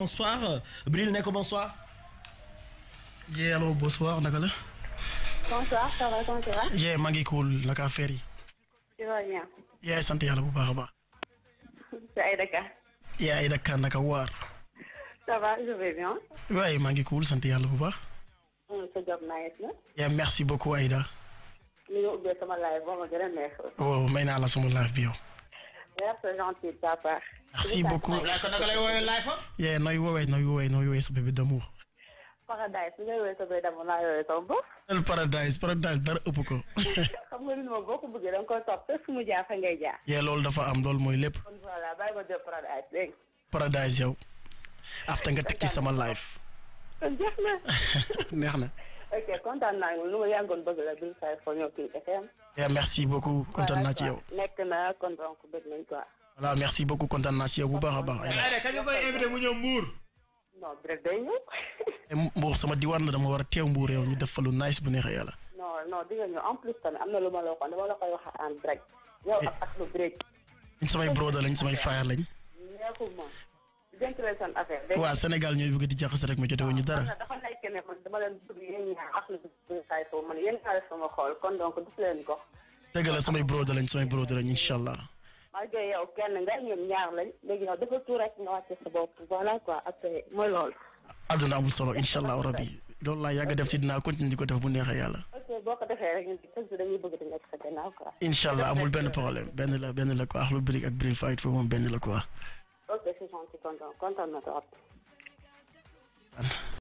Bonsoir, Bril Neko, bonsoir. Yeah, allô, bonsoir, Nakala. Bonsoir, ça va, comment ça va? Yeah, Mangi Koul, Naka Ferry. Tu vas bien Yeah, santé, allô, Ça C'est Aïdaka. Yeah, Aïdaka, Naka War. Ça va, je vais bien. Ouais, Mangi Koul, santé, allô, Barba. Mm, c'est job nice, non Yeah, merci beaucoup, Aïda. Nous, on est live, on va dire, merci. Oh, maintenant, là, sommes live, bio. Merci, gentil, papa. merci beaucoup kon naka lay woowee laay ah? fa. yee nooy woowee nooy woowee nooy woowee sa bébé d'amour. paradise li ngay woowee sa bébé d'amour naa woowee sama bopp. paradise paradise dara ëpp ko. xam nga ni ma boo ko bëggee da nga koy topp te fu mu jaar fa ngay jaar. yee loolu dafa am loolu mooy lépp. kon voilà bàyyi ma jël paradise dégg paradise yow. afta nga teg ci sama live. kon jeex na. neex na. ok kontaan naa lu ma yàggoon bëgg la bi ñu fay fo ñëw kii FM. merci beaucoup kontaan naa ci yow. nekk na kon donc bëgg nañ quoi. voilà merci beaucoup content naa si yow bu baax a baax. aywa kañ nga koy invité mu ñëw Mbour. non eh, sama diwaan la dama war a teew Mbour yow ñu def fa lu nice bu neexee yàlla. non non di Non, non, en plus tamit am na lu ma la waxoon dama la koy wax en direct. yow ak eh. ak lu break. ñun samay broda lañ samay frère lañ. neexuma. jënd leen seen affaire. waa Sénégal ñooy bëgg di jaxase rek ma jote wuñu dara. dafa nekk ne man dama leen bëgg yéen ak lu man sama xool kon donc def leen ko. dëgg la samay broda lañ lañ allah rajo yow amul solo incha allahu rabi loolu laa yàgg def ci dinaa continuer ko def bu neexee yàlla. ok boo ko defee rek ñun dañuy bëgg di nekk sa gannaaw quoi. incha allah amul benn problème benn la benn la quoi Akhlou Brick Fight foofu moom benn la quoi. ok c'est